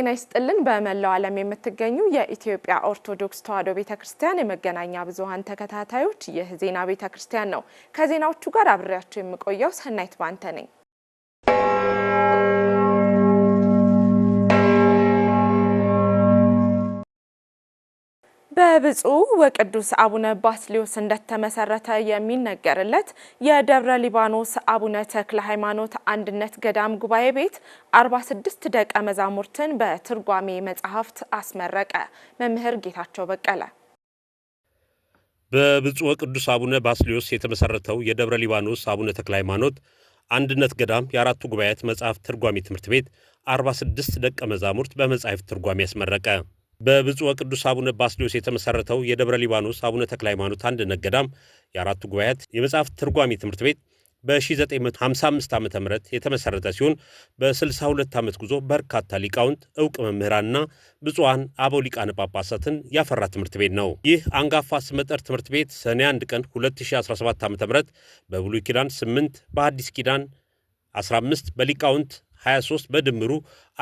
ጤና ይስጥልን። በመላው ዓለም የምትገኙ የኢትዮጵያ ኦርቶዶክስ ተዋሕዶ ቤተ ክርስቲያን የመገናኛ ብዙኃን ተከታታዮች ይህ ዜና ቤተ ክርስቲያን ነው። ከዜናዎቹ ጋር አብሬያቸው የምቆየው ሰናይት ባንተ ነኝ። በብፁዕ ወቅዱስ አቡነ ባስልዮስ እንደተመሰረተ የሚነገርለት የደብረ ሊባኖስ አቡነ ተክለ ሃይማኖት አንድነት ገዳም ጉባኤ ቤት 46 ደቀ መዛሙርትን በትርጓሜ መጽሐፍት አስመረቀ። መምህር ጌታቸው በቀለ። በብፁዕ ወቅዱስ አቡነ ባስልዮስ የተመሰረተው የደብረ ሊባኖስ አቡነ ተክለ ሃይማኖት አንድነት ገዳም የአራቱ ጉባኤያት መጽሐፍ ትርጓሜ ትምህርት ቤት 46 ደቀ መዛሙርት በመጻሕፍት ትርጓሜ ያስመረቀ በብፁዕ ቅዱስ አቡነ ባስልዮስ የተመሰረተው የደብረ ሊባኖስ አቡነ ተክለ ሃይማኖት አንድነት ገዳም የአራቱ ጉባኤያት የመጽሐፍ ትርጓሚ ትምህርት ቤት በ1955 ዓ ም የተመሠረተ ሲሆን በ62 ዓመት ጉዞ በርካታ ሊቃውንት እውቅ መምህራንና ብፁዓን አበው ሊቃነ ጳጳሳትን ያፈራ ትምህርት ቤት ነው። ይህ አንጋፋ ስመጠር ትምህርት ቤት ሰኔ 1 ቀን 2017 ዓ ም በብሉይ ኪዳን 8 በአዲስ ኪዳን 15 በሊቃውንት 23 በድምሩ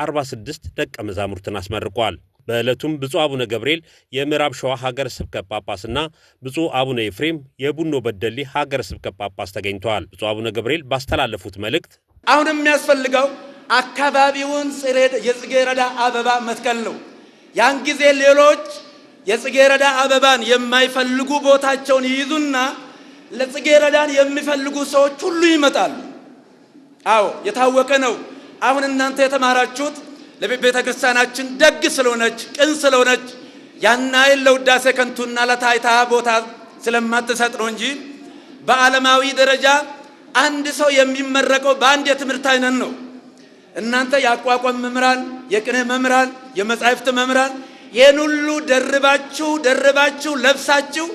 46 ደቀ መዛሙርትን አስመርቋል። በዕለቱም ብፁዕ አቡነ ገብርኤል የምዕራብ ሸዋ ሀገር ስብከት ጳጳስና ብፁዕ አቡነ ኤፍሬም የቡኖ በደሌ ሀገር ስብከት ጳጳስ ተገኝተዋል። ብፁዕ አቡነ ገብርኤል ባስተላለፉት መልእክት አሁን የሚያስፈልገው አካባቢውን የጽጌረዳ አበባ መትከል ነው። ያን ጊዜ ሌሎች የጽጌረዳ አበባን የማይፈልጉ ቦታቸውን ይይዙና ለጽጌረዳን የሚፈልጉ ሰዎች ሁሉ ይመጣሉ። አዎ የታወቀ ነው። አሁን እናንተ የተማራችሁት ለቤተ ክርስቲያናችን ደግ ስለሆነች ቅን ስለሆነች ያን አይል ለውዳሴ ከንቱና ለታይታ ቦታ ስለማትሰጥ ነው እንጂ በዓለማዊ ደረጃ አንድ ሰው የሚመረቀው በአንድ የትምህርት አይነት ነው። እናንተ የአቋቋም መምህራን፣ የቅኔ መምህራን፣ የመጻሕፍት መምህራን ይህን ሁሉ ደርባችሁ ደርባችሁ ለብሳችሁ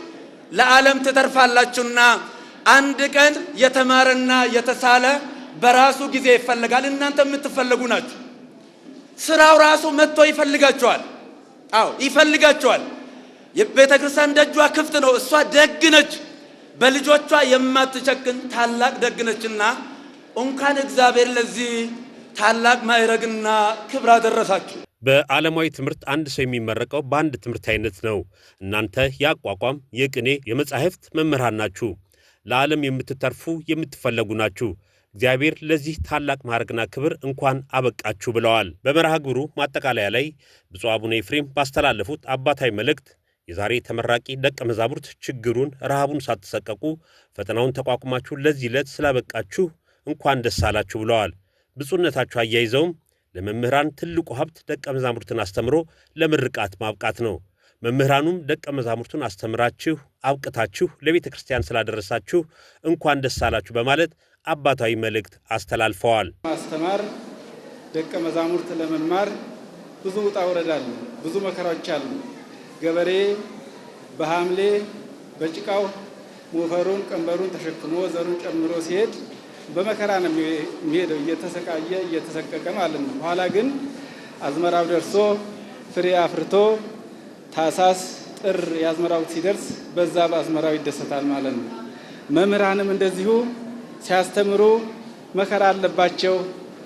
ለዓለም ትተርፋላችሁና አንድ ቀን የተማረና የተሳለ በራሱ ጊዜ ይፈለጋል። እናንተ የምትፈለጉ ናችሁ። ስራው ራሱ መጥቶ ይፈልጋቸዋል። አዎ ይፈልጋቸዋል። የቤተ ክርስቲያን ደጇ ክፍት ነው። እሷ ደግ ነች፣ በልጆቿ የማትቸክን ታላቅ ደግ ነችና እንኳን እግዚአብሔር ለዚህ ታላቅ ማዕረግና ክብር አደረሳችሁ። በዓለማዊ ትምህርት አንድ ሰው የሚመረቀው በአንድ ትምህርት አይነት ነው። እናንተ የአቋቋም፣ የቅኔ፣ የመጻሕፍት መምህራን ናችሁ። ለዓለም የምትተርፉ የምትፈለጉ ናችሁ። እግዚአብሔር ለዚህ ታላቅ ማዕረግና ክብር እንኳን አበቃችሁ ብለዋል። በመርሃ ግብሩ ማጠቃለያ ላይ ብፁዕ አቡነ ኤፍሬም ባስተላለፉት አባታዊ መልእክት የዛሬ ተመራቂ ደቀ መዛሙርት ችግሩን፣ ረሃቡን ሳትሰቀቁ ፈተናውን ተቋቁማችሁ ለዚህ ዕለት ስላበቃችሁ እንኳን ደስ አላችሁ ብለዋል። ብፁዕነታችሁ አያይዘውም ለመምህራን ትልቁ ሀብት ደቀ መዛሙርትን አስተምሮ ለምርቃት ማብቃት ነው። መምህራኑም ደቀ መዛሙርቱን አስተምራችሁ አብቅታችሁ ለቤተ ክርስቲያን ስላደረሳችሁ እንኳን ደስ አላችሁ በማለት አባታዊ መልእክት አስተላልፈዋል። ማስተማር ደቀ መዛሙርት ለመማር ብዙ ውጣ ውረድ አለ፣ ብዙ መከራዎች አሉ። ገበሬ በሐምሌ በጭቃው ሞፈሩን ቀንበሩን ተሸክሞ ዘሩን ጨምሮ ሲሄድ በመከራ ነው የሚሄደው፣ እየተሰቃየ እየተሰቀቀ ማለት ነው። በኋላ ግን አዝመራው ደርሶ ፍሬ አፍርቶ ታሳስ ጥር የአዝመራው ሲደርስ በዛ በአዝመራው ይደሰታል ማለት ነው። መምህራንም እንደዚሁ ሲያስተምሩ መከራ አለባቸው፣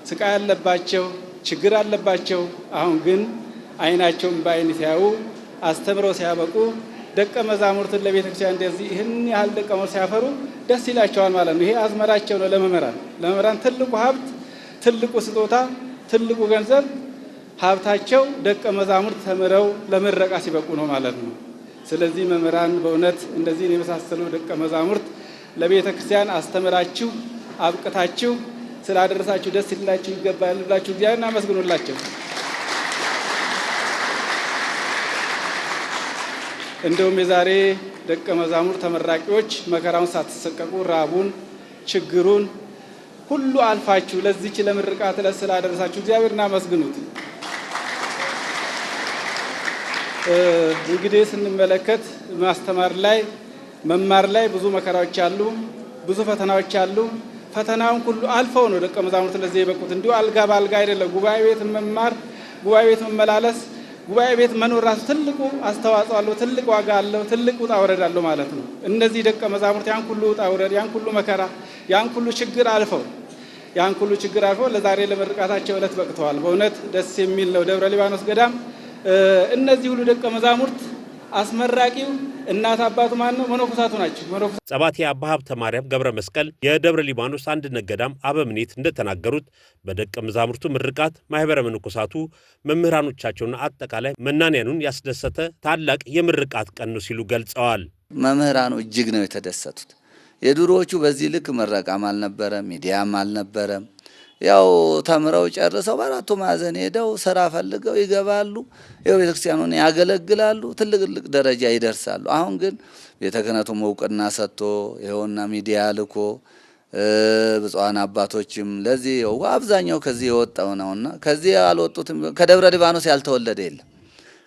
ስቃይ አለባቸው፣ ችግር አለባቸው። አሁን ግን አይናቸውን በአይን ሲያዩ አስተምረው ሲያበቁ ደቀ መዛሙርትን ለቤተ ክርስቲያን እንደዚህ ይህን ያህል ደቀ መዛሙርት ሲያፈሩ ደስ ይላቸዋል ማለት ነው። ይሄ አዝመራቸው ነው። ለመምህራን ለመምህራን ትልቁ ሀብት፣ ትልቁ ስጦታ፣ ትልቁ ገንዘብ ሀብታቸው ደቀ መዛሙርት ተምረው ለምረቃ ሲበቁ ነው ማለት ነው። ስለዚህ መምህራን በእውነት እንደዚህ የመሳሰሉ ደቀ መዛሙርት ለቤተ ክርስቲያን አስተምራችሁ አብቅታችሁ ስላደረሳችሁ ደስ ሊላችሁ ይገባል ብላችሁ እግዚአብሔር እናመስግኑላቸው። እንደውም የዛሬ ደቀ መዛሙር ተመራቂዎች መከራውን ሳትሰቀቁ ራቡን፣ ችግሩን ሁሉ አልፋችሁ ለዚች ለምርቃት ዕለት ስላደረሳችሁ እግዚአብሔር እናመስግኑት። እንግዲህ ስንመለከት ማስተማር ላይ መማር ላይ ብዙ መከራዎች አሉ፣ ብዙ ፈተናዎች አሉ። ፈተናውን ሁሉ አልፈው ነው ደቀ መዛሙርት ለዚህ የበቁት። እንዲሁ አልጋ በአልጋ አይደለም። ጉባኤ ቤት መማር፣ ጉባኤ ቤት መመላለስ፣ ጉባኤ ቤት መኖር ራሱ ትልቁ አስተዋጽኦ አለው፣ ትልቅ ዋጋ አለው፣ ትልቅ ውጣ ውረድ አለው ማለት ነው። እነዚህ ደቀ መዛሙርት ያን ሁሉ ውጣ ውረድ፣ ያን ሁሉ መከራ፣ ያን ሁሉ ችግር አልፈው ያን ሁሉ ችግር አልፈው ለዛሬ ለምርቃታቸው ዕለት በቅተዋል። በእውነት ደስ የሚል ነው። ደብረ ሊባኖስ ገዳም እነዚህ ሁሉ ደቀ መዛሙርት አስመራቂው እናት አባቱ ማን ነው? መነኮሳቱ ናቸው። ጸባቴ አባ ሀብተ ማርያም ገብረ መስቀል የደብረ ሊባኖስ አንድነት ገዳም አበምኔት እንደተናገሩት በደቀ መዛሙርቱ ምርቃት ማኅበረ መነኮሳቱ መምህራኖቻቸውና አጠቃላይ መናንያኑን ያስደሰተ ታላቅ የምርቃት ቀን ነው ሲሉ ገልጸዋል። መምህራኑ እጅግ ነው የተደሰቱት። የድሮዎቹ በዚህ ልክ ምረቃም አልነበረም፣ ሚዲያም አልነበረም። ያው ተምረው ጨርሰው በአራቱ ማዕዘን ሄደው ስራ ፈልገው ይገባሉ። ያው ቤተክርስቲያኑን ያገለግላሉ፣ ትልቅልቅ ደረጃ ይደርሳሉ። አሁን ግን ቤተ ክህነቱም እውቅና ሰጥቶ ይኸውና ሚዲያ ልኮ ብፁዓን አባቶችም ለዚህ አብዛኛው ከዚህ የወጣው ነውና ከዚህ ያልወጡትም ከደብረ ሊባኖስ ያልተወለደ የለም።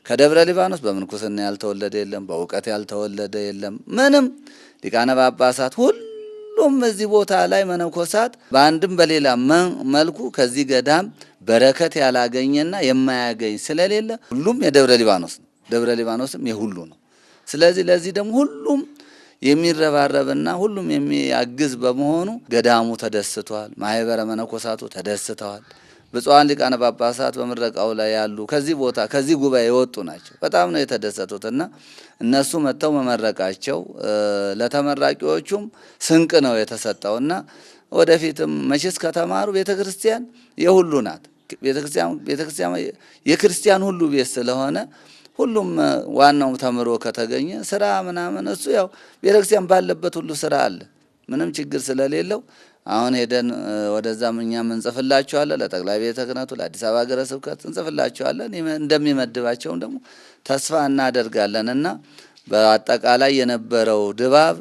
ከደብረ ሊባኖስ በምንኩስና ያልተወለደ የለም። በእውቀት ያልተወለደ የለም። ምንም ሊቃነ ጳጳሳት ሁሉ ሁሉም እዚህ ቦታ ላይ መነኮሳት በአንድም በሌላ መልኩ ከዚህ ገዳም በረከት ያላገኘና የማያገኝ ስለሌለ ሁሉም የደብረ ሊባኖስ ነው። ደብረ ሊባኖስም የሁሉ ነው። ስለዚህ ለዚህ ደግሞ ሁሉም የሚረባረብና ሁሉም የሚያግዝ በመሆኑ ገዳሙ ተደስቷል። ማህበረ መነኮሳቱ ተደስተዋል። ብፁዓን ሊቃነ ጳጳሳት በምረቃው ላይ ያሉ ከዚህ ቦታ ከዚህ ጉባኤ የወጡ ናቸው። በጣም ነው የተደሰቱትና እነሱ መጥተው መመረቃቸው ለተመራቂዎቹም ስንቅ ነው እና ወደፊትም መቼስ ከተማሩ ቤተ ክርስቲያን የሁሉ ናት። ቤተ ክርስቲያን የክርስቲያን ሁሉ ቤት ስለሆነ ሁሉም ዋናው ተምሮ ከተገኘ ስራ ምናምን እሱ ያው ቤተ ክርስቲያን ባለበት ሁሉ ስራ አለ ምንም ችግር ስለሌለው አሁን ሄደን ወደዛም እኛም እንጽፍላችኋለን፣ ለጠቅላይ ቤተ ክህነቱ ለአዲስ አበባ ሀገረ ስብከት እንጽፍላችኋለን። እንደሚመድባቸውም ደግሞ ተስፋ እናደርጋለን እና በአጠቃላይ የነበረው ድባብ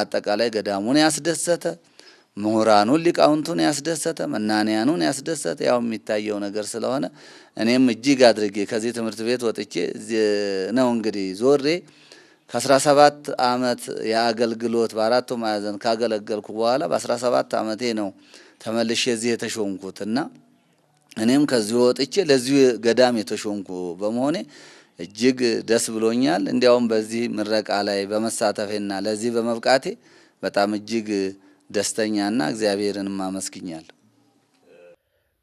አጠቃላይ ገዳሙን ያስደሰተ፣ ምሁራኑን ሊቃውንቱን ያስደሰተ፣ መናንያኑን ያስደሰተ ያው የሚታየው ነገር ስለሆነ እኔም እጅግ አድርጌ ከዚህ ትምህርት ቤት ወጥቼ ነው እንግዲህ ዞሬ ከ17 ዓመት የአገልግሎት በአራቱ ማዕዘን ካገለገልኩ በኋላ በ17 ዓመቴ ነው ተመልሼ እዚህ የተሾንኩት እና እኔም ከዚህ ወጥቼ ለዚሁ ገዳም የተሾንኩ በመሆኔ እጅግ ደስ ብሎኛል። እንዲያውም በዚህ ምረቃ ላይ በመሳተፌና ለዚህ በመብቃቴ በጣም እጅግ ደስተኛና እግዚአብሔርን አመስግኛለሁ።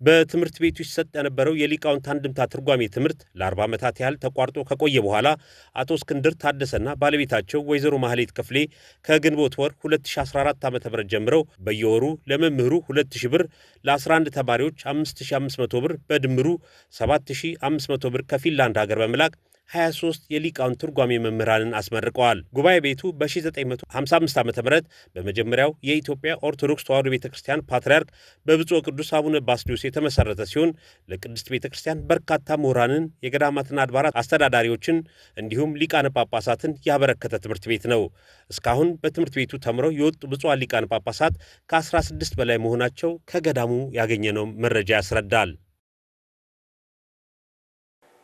በትምህርት ቤቱ ሲሰጥ የነበረው የሊቃውንት አንድምታ ትርጓሜ ትምህርት ለአርባ ዓመታት ያህል ተቋርጦ ከቆየ በኋላ አቶ እስክንድር ታደሰና ባለቤታቸው ወይዘሮ ማህሌት ክፍሌ ከግንቦት ወር 2014 ዓ ም ጀምረው በየወሩ ለመምህሩ 2000 ብር፣ ለ11 ተማሪዎች 5500 ብር፣ በድምሩ 7500 ብር ከፊንላንድ ሀገር በመላክ 23 የሊቃውን ትርጓሜ መምህራንን አስመርቀዋል። ጉባኤ ቤቱ በ1955 ዓ ም በመጀመሪያው የኢትዮጵያ ኦርቶዶክስ ተዋሕዶ ቤተ ክርስቲያን ፓትርያርክ በብፁዕ ቅዱስ አቡነ ባስልዮስ የተመሠረተ ሲሆን ለቅድስት ቤተ ክርስቲያን በርካታ ምሁራንን፣ የገዳማትና አድባራት አስተዳዳሪዎችን እንዲሁም ሊቃነ ጳጳሳትን ያበረከተ ትምህርት ቤት ነው። እስካሁን በትምህርት ቤቱ ተምረው የወጡ ብፁዓን ሊቃነ ጳጳሳት ከ16 በላይ መሆናቸው ከገዳሙ ያገኘነው መረጃ ያስረዳል።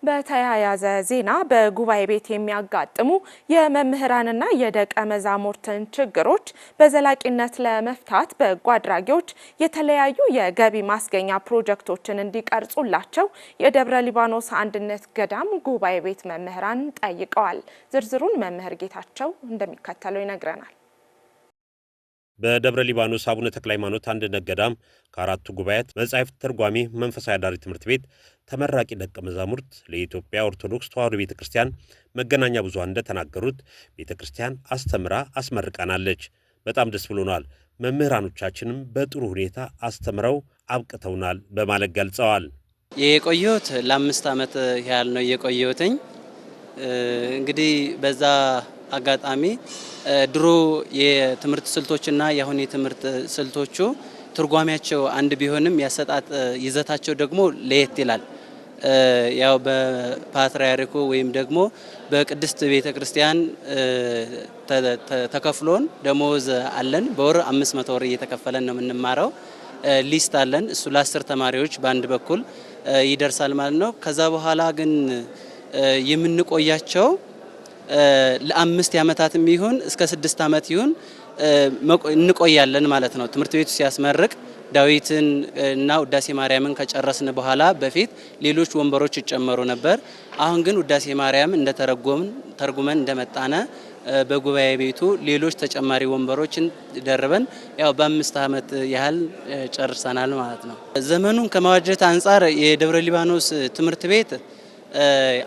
በተያያዘ ዜና በጉባኤ ቤት የሚያጋጥሙ የመምህራንና የደቀ መዛሙርትን ችግሮች በዘላቂነት ለመፍታት በጎ አድራጊዎች የተለያዩ የገቢ ማስገኛ ፕሮጀክቶችን እንዲቀርጹላቸው የደብረ ሊባኖስ አንድነት ገዳም ጉባኤ ቤት መምህራን ጠይቀዋል። ዝርዝሩን መምህር ጌታቸው እንደሚከተለው ይነግረናል። በደብረ ሊባኖስ አቡነ ተክለ ሃይማኖት አንድነት ከአራቱ ጉባኤያት መጻሕፍት ተርጓሚ መንፈሳዊ አዳሪ ትምህርት ቤት ተመራቂ ደቀ መዛሙርት ለኢትዮጵያ ኦርቶዶክስ ተዋሕዶ ቤተ ክርስቲያን መገናኛ ብዙኃን እንደተናገሩት ቤተ ክርስቲያን አስተምራ አስመርቃናለች። በጣም ደስ ብሎናል። መምህራኖቻችንም በጥሩ ሁኔታ አስተምረው አብቅተውናል በማለት ገልጸዋል። የቆየሁት ለአምስት ዓመት ያህል ነው የቆየሁትኝ እንግዲህ በዛ አጋጣሚ ድሮ የትምህርት ስልቶችና የአሁን የትምህርት ስልቶቹ ትርጓሚያቸው አንድ ቢሆንም ያሰጣጥ ይዘታቸው ደግሞ ለየት ይላል። ያው በፓትርያርኩ ወይም ደግሞ በቅድስት ቤተ ክርስቲያን ተከፍሎን ደሞዝ አለን። በወር አምስት መቶ ወር እየተከፈለን ነው የምንማረው። ሊስት አለን። እሱ ለአስር ተማሪዎች በአንድ በኩል ይደርሳል ማለት ነው። ከዛ በኋላ ግን የምንቆያቸው ለአምስት ዓመታትም ይሁን እስከ ስድስት ዓመት ይሁን እንቆያለን ማለት ነው። ትምህርት ቤቱ ሲያስመርቅ ዳዊትን እና ውዳሴ ማርያምን ከጨረስን በኋላ በፊት ሌሎች ወንበሮች ይጨመሩ ነበር። አሁን ግን ውዳሴ ማርያም እንደተረጎምን ተርጉመን እንደመጣነ በጉባኤ ቤቱ ሌሎች ተጨማሪ ወንበሮችን ደርበን ያው በአምስት ዓመት ያህል ጨርሰናል ማለት ነው። ዘመኑን ከማዋጀት አንጻር የደብረ ሊባኖስ ትምህርት ቤት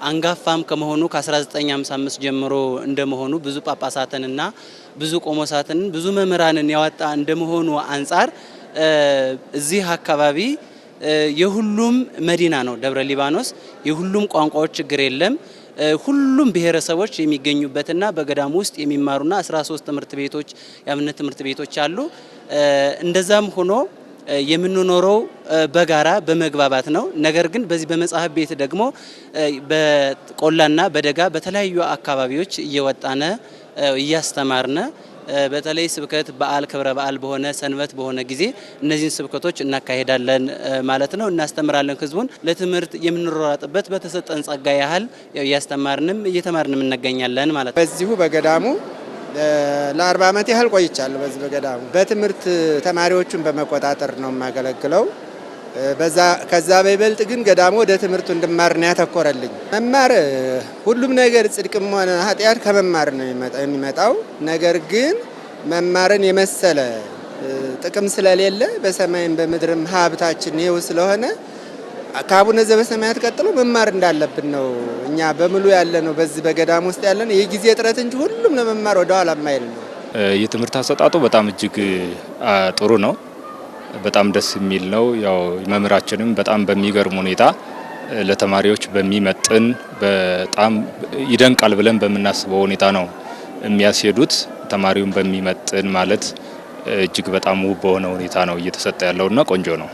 አንጋፋም ከመሆኑ ከ1955 ጀምሮ እንደመሆኑ ብዙ ጳጳሳትንና ብዙ ቆሞሳትን ብዙ መምህራንን ያወጣ እንደመሆኑ አንጻር እዚህ አካባቢ የሁሉም መዲና ነው ደብረ ሊባኖስ። የሁሉም ቋንቋዎች ችግር የለም። ሁሉም ብሔረሰቦች የሚገኙበትና በገዳም ውስጥ የሚማሩና 13 ትምህርት ቤቶች የአብነት ትምህርት ቤቶች አሉ። እንደዛም ሆኖ የምንኖረው በጋራ በመግባባት ነው። ነገር ግን በዚህ በመጽሐፍ ቤት ደግሞ በቆላና በደጋ በተለያዩ አካባቢዎች እየወጣነ እያስተማርነ በተለይ ስብከት በዓል ክብረ በዓል በሆነ ሰንበት በሆነ ጊዜ እነዚህን ስብከቶች እናካሄዳለን ማለት ነው። እናስተምራለን ህዝቡን ለትምህርት የምንሯሯጥበት በተሰጠን ጸጋ ያህል እያስተማርንም እየተማርንም እንገኛለን ማለት ነው። በዚሁ በገዳሙ ለአርባ ዓመት ያህል ቆይቻለሁ በዚህ በገዳሙ። በትምህርት ተማሪዎቹን በመቆጣጠር ነው የማገለግለው። ከዛ በይበልጥ ግን ገዳሙ ወደ ትምህርቱ እንድማር ነው ያተኮረልኝ። መማር ሁሉም ነገር ጽድቅም ሆነ ኃጢአት ከመማር ነው የሚመጣው። ነገር ግን መማርን የመሰለ ጥቅም ስለሌለ በሰማይም በምድርም ሀብታችን ይኸው ስለሆነ ከአቡነ ዘበሰማያት ቀጥሎ መማር እንዳለብን ነው። እኛ በምሉ ያለ ነው በዚህ በገዳም ውስጥ ያለ ነው። የጊዜ ጥረት እንጂ ሁሉም ለመማር ወደ ኋላ ማይል ነው። የትምህርት አሰጣጡ በጣም እጅግ ጥሩ ነው። በጣም ደስ የሚል ነው። ያው መምህራችንም በጣም በሚገርም ሁኔታ ለተማሪዎች በሚመጥን በጣም ይደንቃል ብለን በምናስበው ሁኔታ ነው የሚያስሄዱት። ተማሪውን በሚመጥን ማለት እጅግ በጣም ውብ በሆነ ሁኔታ ነው እየተሰጠ ያለውና ቆንጆ ነው።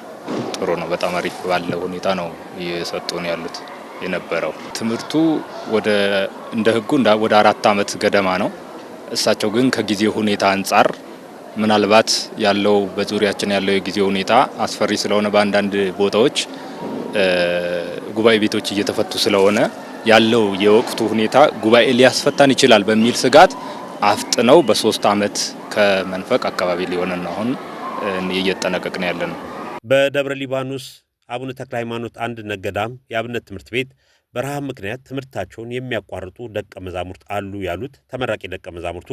ጥሩ ነው። በጣም አሪፍ ባለ ሁኔታ ነው እየሰጡን ያሉት የነበረው ትምህርቱ ወደ እንደ ህጉ ወደ አራት አመት ገደማ ነው። እሳቸው ግን ከጊዜ ሁኔታ አንጻር ምናልባት ያለው በዙሪያችን ያለው የጊዜ ሁኔታ አስፈሪ ስለሆነ በአንዳንድ ቦታዎች ጉባኤ ቤቶች እየተፈቱ ስለሆነ ያለው የወቅቱ ሁኔታ ጉባኤ ሊያስፈታን ይችላል በሚል ስጋት አፍጥነው በሶስት አመት ከመንፈቅ አካባቢ ሊሆነን አሁን እየጠነቀቅን ያለ ነው። በደብረ ሊባኖስ አቡነ ተክለ ሃይማኖት አንድ ገዳም የአብነት ትምህርት ቤት በረሃብ ምክንያት ትምህርታቸውን የሚያቋርጡ ደቀ መዛሙርት አሉ ያሉት ተመራቂ ደቀ መዛሙርቱ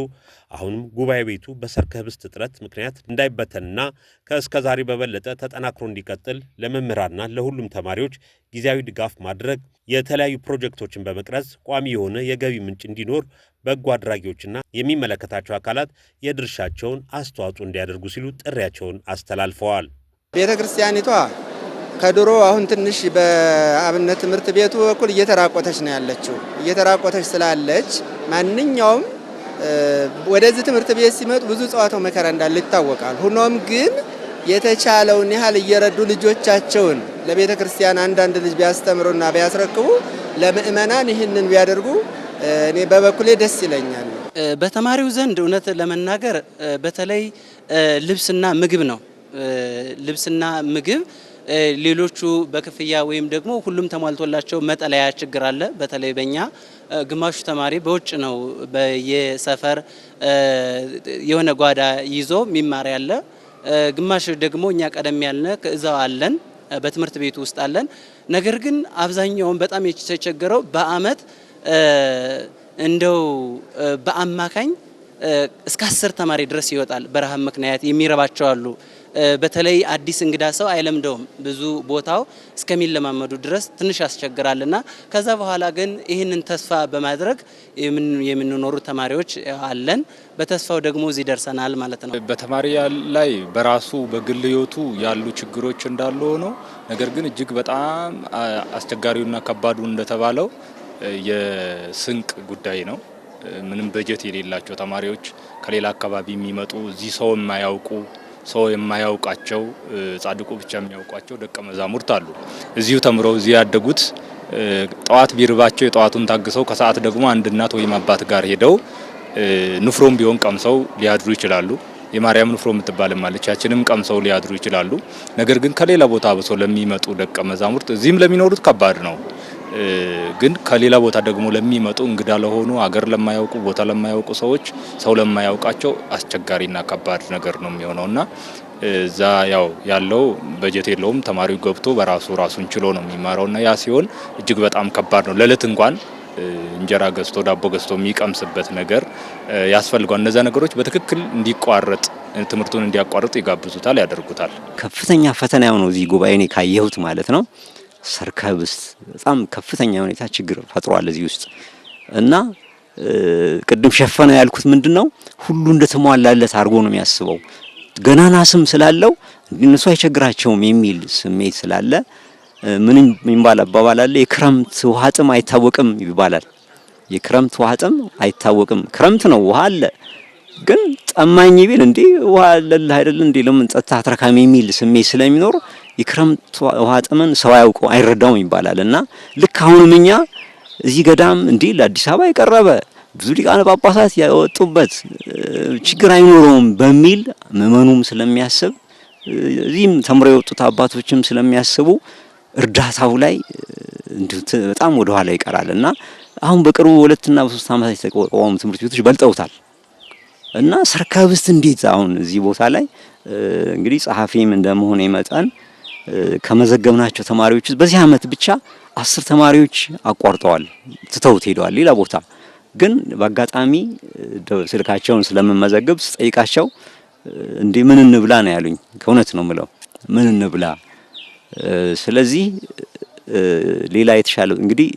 አሁንም ጉባኤ ቤቱ በሰርከ ህብስት እጥረት ምክንያት እንዳይበተንና ከእስከ ዛሬ በበለጠ ተጠናክሮ እንዲቀጥል ለመምህራንና ለሁሉም ተማሪዎች ጊዜያዊ ድጋፍ ማድረግ፣ የተለያዩ ፕሮጀክቶችን በመቅረጽ ቋሚ የሆነ የገቢ ምንጭ እንዲኖር በጎ አድራጊዎችና የሚመለከታቸው አካላት የድርሻቸውን አስተዋጽኦ እንዲያደርጉ ሲሉ ጥሪያቸውን አስተላልፈዋል። ቤተ ክርስቲያኒቷ ከድሮ አሁን ትንሽ በአብነት ትምህርት ቤቱ በኩል እየተራቆተች ነው ያለችው። እየተራቆተች ስላለች ማንኛውም ወደዚህ ትምህርት ቤት ሲመጡ ብዙ ጸዋተው መከራ እንዳለ ይታወቃል። ሁኖም ግን የተቻለውን ያህል እየረዱ ልጆቻቸውን ለቤተ ክርስቲያን አንዳንድ ልጅ ቢያስተምሩና ቢያስረክቡ ለምእመናን ይህንን ቢያደርጉ እኔ በበኩሌ ደስ ይለኛል። በተማሪው ዘንድ እውነት ለመናገር በተለይ ልብስና ምግብ ነው ልብስና ምግብ ሌሎቹ በክፍያ ወይም ደግሞ ሁሉም ተሟልቶላቸው መጠለያ ችግር አለ። በተለይ በእኛ ግማሹ ተማሪ በውጭ ነው በየሰፈር የሆነ ጓዳ ይዞ የሚማር ያለ፣ ግማሽ ደግሞ እኛ ቀደም ያልነ እዛው አለን በትምህርት ቤቱ ውስጥ አለን። ነገር ግን አብዛኛውን በጣም የተቸገረው በአመት እንደው በአማካኝ እስከ አስር ተማሪ ድረስ ይወጣል። በረሃብ ምክንያት የሚረባቸው አሉ። በተለይ አዲስ እንግዳ ሰው አይለምደውም። ብዙ ቦታው እስከሚለማመዱ ድረስ ትንሽ ያስቸግራል እና ከዛ በኋላ ግን ይህንን ተስፋ በማድረግ የምንኖሩ ተማሪዎች አለን። በተስፋው ደግሞ እዚህ ደርሰናል ማለት ነው። በተማሪ ላይ በራሱ በግል ሕይወቱ ያሉ ችግሮች እንዳሉ ሆኖ ነገር ግን እጅግ በጣም አስቸጋሪውና ከባዱ እንደተባለው የስንቅ ጉዳይ ነው። ምንም በጀት የሌላቸው ተማሪዎች ከሌላ አካባቢ የሚመጡ እዚህ ሰው የማያውቁ ሰው የማያውቃቸው ጻድቁ ብቻ የሚያውቋቸው ደቀ መዛሙርት አሉ። እዚሁ ተምረው እዚሁ ያደጉት ጠዋት ቢርባቸው የጠዋቱን ታግሰው ከሰዓት ደግሞ አንድ እናት ወይም አባት ጋር ሄደው ንፍሮም ቢሆን ቀምሰው ሊያድሩ ይችላሉ። የማርያም ንፍሮ የምትባል አለች። ያችንም ቀምሰው ሊያድሩ ይችላሉ። ነገር ግን ከሌላ ቦታ ብሰው ለሚመጡ ደቀ መዛሙርት እዚህም ለሚኖሩት ከባድ ነው። ግን ከሌላ ቦታ ደግሞ ለሚመጡ እንግዳ ለሆኑ አገር ለማያውቁ ቦታ ለማያውቁ ሰዎች ሰው ለማያውቃቸው አስቸጋሪና ከባድ ነገር ነው የሚሆነው እና እዛ ያው ያለው በጀት የለውም። ተማሪው ገብቶ በራሱ ራሱን ችሎ ነው የሚማረው እና ያ ሲሆን እጅግ በጣም ከባድ ነው። ለእለት እንኳን እንጀራ ገዝቶ ዳቦ ገዝቶ የሚቀምስበት ነገር ያስፈልገዋል። እነዚያ ነገሮች በትክክል እንዲቋረጥ ትምህርቱን እንዲያቋርጥ ይጋብዙታል፣ ያደርጉታል። ከፍተኛ ፈተና ነው እዚህ ጉባኤ እኔ ካየሁት ማለት ነው። ሰርከብስ በጣም ከፍተኛ ሁኔታ ችግር ፈጥሯል እዚህ ውስጥ እና ቅድም ሸፈነ ያልኩት ምንድን ነው ሁሉ እንደተሟላለት አድርጎ ነው የሚያስበው። ገናና ስም ስላለው እነሱ አይቸግራቸውም የሚል ስሜት ስላለ ምን ይባል አባባል አለ፣ የክረምት ውሃ ጥም አይታወቅም ይባላል። የክረምት ውሃ ጥም አይታወቅም። ክረምት ነው ውሃ አለ፣ ግን ጠማኝ ቢል እንዲህ ውሃ አለልህ አይደለም እንዴ ለምን ጠጣ አትረካም የሚል ስሜት ስለሚኖር የክረምት ውሃ ጥምን ሰው አያውቀው አይረዳውም ይባላል እና ልክ አሁንም እኛ እዚህ ገዳም እንዲህ ለአዲስ አበባ የቀረበ ብዙ ሊቃነ ጳጳሳት ያወጡበት ችግር አይኖረውም በሚል ምእመኑም ስለሚያስብ እዚህም ተምረው የወጡት አባቶችም ስለሚያስቡ እርዳታው ላይ በጣም ወደ ኋላ ይቀራል እና አሁን በቅርቡ ሁለትና በሶስት ዓመታት የተቋቋሙ ትምህርት ቤቶች በልጠውታል እና ሰርከብስት እንዴት አሁን እዚህ ቦታ ላይ እንግዲህ ጸሐፊም እንደመሆኔ መጠን ከመዘገብናቸው ተማሪዎች ውስጥ በዚህ አመት ብቻ አስር ተማሪዎች አቋርጠዋል፣ ትተውት ሄደዋል ሌላ ቦታ። ግን በአጋጣሚ ስልካቸውን ስለምመዘግብ ስጠይቃቸው እንዴ ምን እንብላ ነው ያሉኝ። ከእውነት ነው ምለው ምን እንብላ። ስለዚህ ሌላ የተሻለ እንግዲህ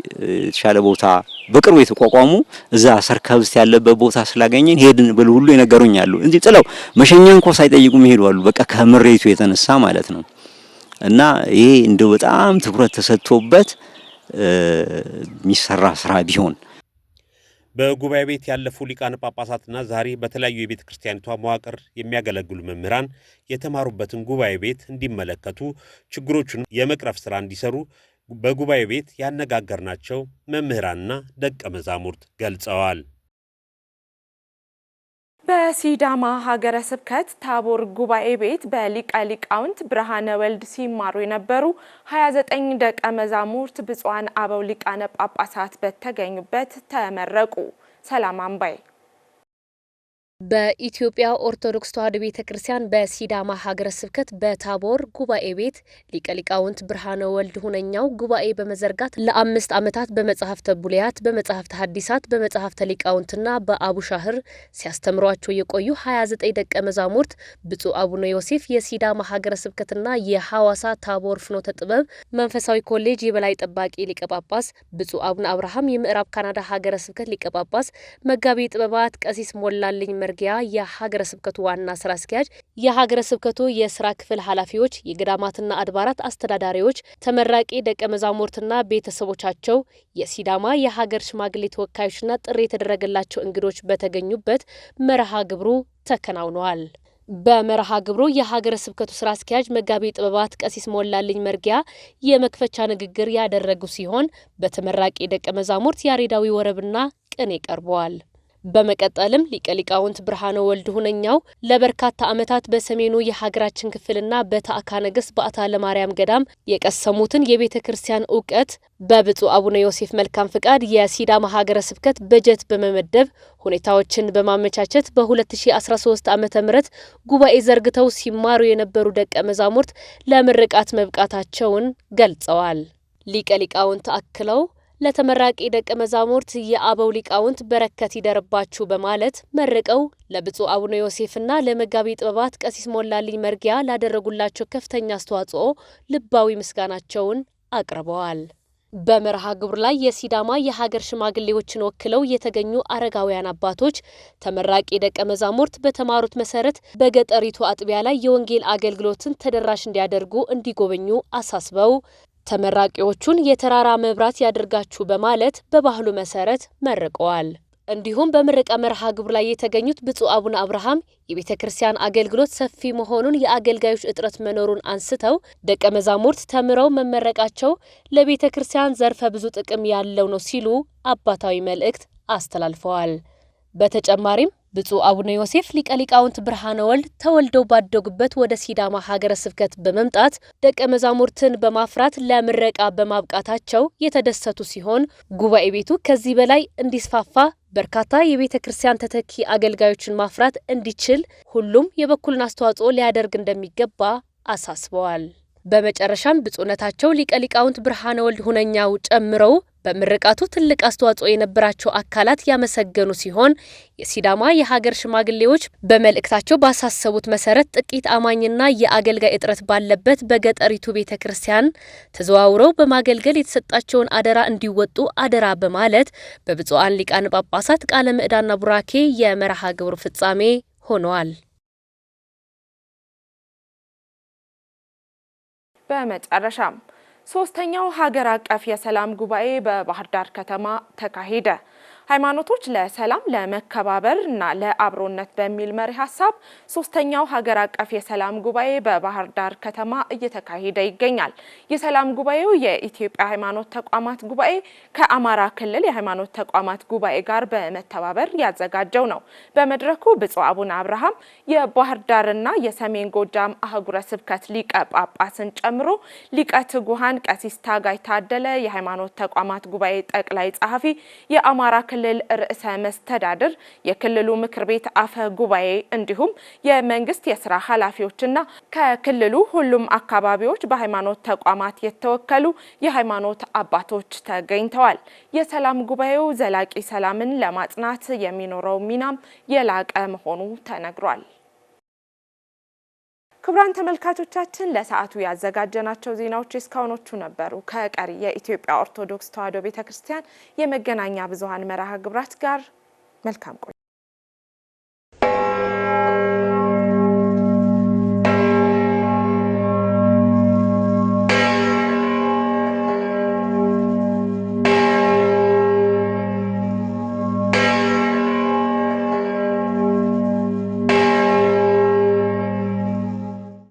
የተሻለ ቦታ በቅርቡ የተቋቋሙ እዛ ሰርከብስት ያለበት ቦታ ስላገኘን ሄድን ብል ሁሉ የነገሩኝ አሉ። ጥለው መሸኛ እንኳ ሳይጠይቁ መሄዱ አሉ። በቃ ከምሬቱ የተነሳ ማለት ነው። እና ይሄ እንደው በጣም ትኩረት ተሰጥቶበት የሚሰራ ስራ ቢሆን በጉባኤ ቤት ያለፉ ሊቃነ ጳጳሳትና ዛሬ በተለያዩ የቤተ ክርስቲያኒቷ መዋቅር የሚያገለግሉ መምህራን የተማሩበትን ጉባኤ ቤት እንዲመለከቱ፣ ችግሮቹን የመቅረፍ ስራ እንዲሰሩ በጉባኤ ቤት ያነጋገርናቸው መምህራንና ደቀ መዛሙርት ገልጸዋል። በሲዳማ ሀገረ ስብከት ታቦር ጉባኤ ቤት በሊቀ ሊቃውንት ብርሃነ ወልድ ሲማሩ የነበሩ 29 ደቀ መዛሙርት ብፁዓን አበው ሊቃነ ጳጳሳት በተገኙበት ተመረቁ። ሰላም አምባይ በኢትዮጵያ ኦርቶዶክስ ተዋሕዶ ቤተ ክርስቲያን በሲዳማ ሀገረ ስብከት በታቦር ጉባኤ ቤት ሊቀ ሊቃውንት ብርሃነ ወልድ ሁነኛው ጉባኤ በመዘርጋት ለአምስት ዓመታት በመጽሐፍተ ቡልያት፣ በመጽሐፍተ ሐዲሳት፣ በመጽሐፍተ ሊቃውንትና በአቡሻህር ሲያስተምሯቸው የቆዩ 29 ደቀ መዛሙርት ብፁዕ አቡነ ዮሴፍ የሲዳማ ሀገረ ስብከትና የሐዋሳ ታቦር ፍኖተ ጥበብ መንፈሳዊ ኮሌጅ የበላይ ጠባቂ ሊቀ ጳጳስ፣ ብፁዕ አቡነ አብርሃም የምዕራብ ካናዳ ሀገረ ስብከት ሊቀ ጳጳስ፣ መጋቢ ጥበባት ቀሲስ ሞላልኝ መርጊያ የሀገረ ስብከቱ ዋና ስራ አስኪያጅ፣ የሀገረ ስብከቱ የስራ ክፍል ኃላፊዎች፣ የገዳማትና አድባራት አስተዳዳሪዎች፣ ተመራቂ ደቀ መዛሙርትና ቤተሰቦቻቸው፣ የሲዳማ የሀገር ሽማግሌ ተወካዮችና ጥሪ የተደረገላቸው እንግዶች በተገኙበት መርሃ ግብሩ ተከናውነዋል። በመርሃ ግብሩ የሀገረ ስብከቱ ስራ አስኪያጅ መጋቢ ጥበባት ቀሲስ ሞላልኝ መርጊያ የመክፈቻ ንግግር ያደረጉ ሲሆን በተመራቂ ደቀ መዛሙርት ያሬዳዊ ወረብና ቅኔ ቀርበዋል። በመቀጠልም ሊቀ ሊቃውንት ብርሃነ ወልድ ሁነኛው ለበርካታ ዓመታት በሰሜኑ የሀገራችን ክፍልና በታዕካ ነገሥት በአታ ለማርያም ገዳም የቀሰሙትን የቤተ ክርስቲያን እውቀት በብፁዕ አቡነ ዮሴፍ መልካም ፍቃድ የሲዳማ ሀገረ ስብከት በጀት በመመደብ ሁኔታዎችን በማመቻቸት በ2013 ዓ ም ጉባኤ ዘርግተው ሲማሩ የነበሩ ደቀ መዛሙርት ለምርቃት መብቃታቸውን ገልጸዋል። ሊቀ ሊቃውንት አክለው ለተመራቂ ደቀ መዛሙርት የአበው ሊቃውንት በረከት ይደርባችሁ በማለት መርቀው ለብፁዕ አቡነ ዮሴፍና ለመጋቢ ጥበባት ቀሲስ ሞላልኝ መርጊያ ላደረጉላቸው ከፍተኛ አስተዋጽኦ ልባዊ ምስጋናቸውን አቅርበዋል። በመርሃ ግብሩ ላይ የሲዳማ የሀገር ሽማግሌዎችን ወክለው የተገኙ አረጋውያን አባቶች ተመራቂ ደቀ መዛሙርት በተማሩት መሰረት በገጠሪቱ አጥቢያ ላይ የወንጌል አገልግሎትን ተደራሽ እንዲያደርጉ እንዲጎበኙ አሳስበው ተመራቂዎቹን የተራራ መብራት ያደርጋችሁ በማለት በባህሉ መሰረት መርቀዋል። እንዲሁም በምረቃ መርሃ ግብር ላይ የተገኙት ብፁዕ አቡነ አብርሃም የቤተ ክርስቲያን አገልግሎት ሰፊ መሆኑን፣ የአገልጋዮች እጥረት መኖሩን አንስተው ደቀ መዛሙርት ተምረው መመረቃቸው ለቤተ ክርስቲያን ዘርፈ ብዙ ጥቅም ያለው ነው ሲሉ አባታዊ መልእክት አስተላልፈዋል። በተጨማሪም ብፁዕ አቡነ ዮሴፍ ሊቀ ሊቃውንት ብርሃነ ወልድ ተወልደው ባደጉበት ወደ ሲዳማ ሀገረ ስብከት በመምጣት ደቀ መዛሙርትን በማፍራት ለምረቃ በማብቃታቸው የተደሰቱ ሲሆን ጉባኤ ቤቱ ከዚህ በላይ እንዲስፋፋ በርካታ የቤተ ክርስቲያን ተተኪ አገልጋዮችን ማፍራት እንዲችል ሁሉም የበኩሉን አስተዋጽኦ ሊያደርግ እንደሚገባ አሳስበዋል። በመጨረሻም ብፁዕነታቸው ሊቀ ሊቃውንት ብርሃነ ወልድ ሁነኛው ጨምረው በምርቃቱ ትልቅ አስተዋጽኦ የነበራቸው አካላት ያመሰገኑ ሲሆን የሲዳማ የሀገር ሽማግሌዎች በመልእክታቸው ባሳሰቡት መሰረት ጥቂት አማኝና የአገልጋይ እጥረት ባለበት በገጠሪቱ ቤተ ክርስቲያን ተዘዋውረው በማገልገል የተሰጣቸውን አደራ እንዲወጡ አደራ በማለት በብፁዓን ሊቃነ ጳጳሳት ቃለ ምዕዳና ቡራኬ የመርሃ ግብሩ ፍጻሜ ሆነዋል። በመጨረሻም ሶስተኛው ሀገር አቀፍ የሰላም ጉባኤ በባህር ዳር ከተማ ተካሄደ። ሃይማኖቶች ለሰላም ለመከባበር እና ለአብሮነት በሚል መሪ ሀሳብ ሶስተኛው ሀገር አቀፍ የሰላም ጉባኤ በባህር ዳር ከተማ እየተካሄደ ይገኛል። የሰላም ጉባኤው የኢትዮጵያ ሃይማኖት ተቋማት ጉባኤ ከአማራ ክልል የሃይማኖት ተቋማት ጉባኤ ጋር በመተባበር ያዘጋጀው ነው። በመድረኩ ብፁዕ አቡነ አብርሃም የባህር ዳርና የሰሜን ጎጃም አህጉረ ስብከት ሊቀ ጳጳስን ጨምሮ ሊቀ ትጉሃን ቀሲስ ታጋይ ታደለ የሃይማኖት ተቋማት ጉባኤ ጠቅላይ ጸሐፊ የአማራ ክልል ርዕሰ መስተዳድር፣ የክልሉ ምክር ቤት አፈ ጉባኤ እንዲሁም የመንግስት የስራ ኃላፊዎችና ከክልሉ ሁሉም አካባቢዎች በሃይማኖት ተቋማት የተወከሉ የሃይማኖት አባቶች ተገኝተዋል። የሰላም ጉባኤው ዘላቂ ሰላምን ለማጽናት የሚኖረው ሚናም የላቀ መሆኑ ተነግሯል። ክቡራን ተመልካቾቻችን ለሰዓቱ ያዘጋጀናቸው ዜናዎች እስካሁኖቹ ነበሩ። ከቀሪ የኢትዮጵያ ኦርቶዶክስ ተዋሕዶ ቤተ ክርስቲያን የመገናኛ ብዙኃን መርሃ ግብራት ጋር መልካም ቆ